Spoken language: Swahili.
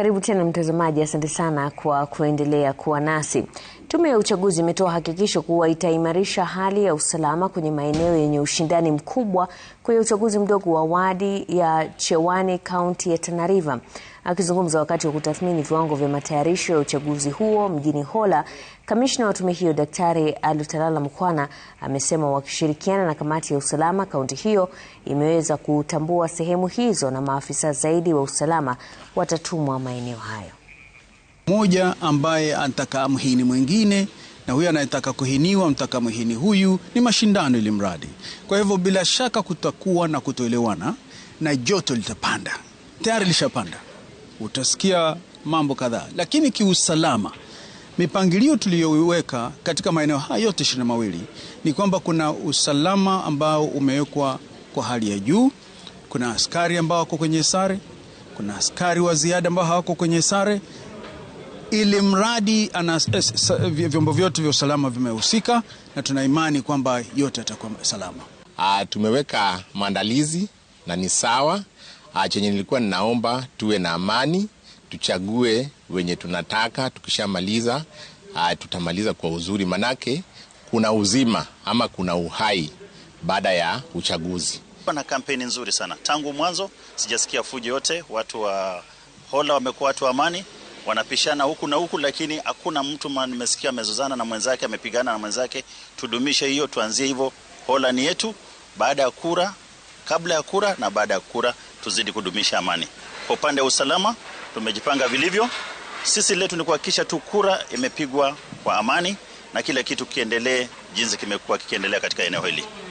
Karibu tena mtazamaji, asante sana kwa kuendelea kuwa nasi. Tume ya uchaguzi imetoa hakikisho kuwa itaimarisha hali ya usalama kwenye maeneo yenye ushindani mkubwa kwenye uchaguzi mdogo wa wadi ya Chewani kaunti ya Tana River. Akizungumza wakati wa kutathmini viwango vya matayarisho ya uchaguzi huo mjini Hola, kamishna wa tume hiyo Daktari Alutalala Mkwana amesema wakishirikiana na kamati ya usalama kaunti hiyo imeweza kutambua sehemu hizo na maafisa zaidi wa usalama watatumwa maeneo hayo. Mmoja ambaye anataka mhini mwingine na huyu anayetaka kuhiniwa mtaka mhini huyu, ni mashindano ili mradi. Kwa hivyo bila shaka kutakuwa na kutoelewana na joto litapanda, tayari lishapanda, utasikia mambo kadhaa, lakini kiusalama mipangilio tuliyoweka katika maeneo haya yote ishirini na mawili ni kwamba kuna usalama ambao umewekwa kwa hali ya juu. Kuna askari ambao wako kwenye sare, kuna askari wa ziada ambao hawako kwenye sare, ili mradi ana eh, vyombo vyote vya usalama vimehusika, na tuna imani kwamba yote yatakuwa salama. A, ah, tumeweka maandalizi na ni sawa. Ah, chenye nilikuwa ninaomba tuwe na amani, tuchague wenye tunataka. Tukishamaliza ah, tutamaliza kwa uzuri, manake kuna uzima ama kuna uhai baada ya uchaguzi. Na kampeni nzuri sana tangu mwanzo, sijasikia fujo yote. Watu wa Hola wamekuwa watu wa amani wanapishana huku na huku, lakini hakuna mtu nimesikia amezozana na mwenzake, amepigana na mwenzake. Tudumishe hiyo, tuanzie hivyo. Hola ni yetu, baada ya kura, kabla ya kura na baada ya kura, tuzidi kudumisha amani. Kwa upande wa usalama, tumejipanga vilivyo. Sisi letu ni kuhakikisha tu kura imepigwa kwa amani na kila kitu kiendelee jinsi kimekuwa kikiendelea katika eneo hili.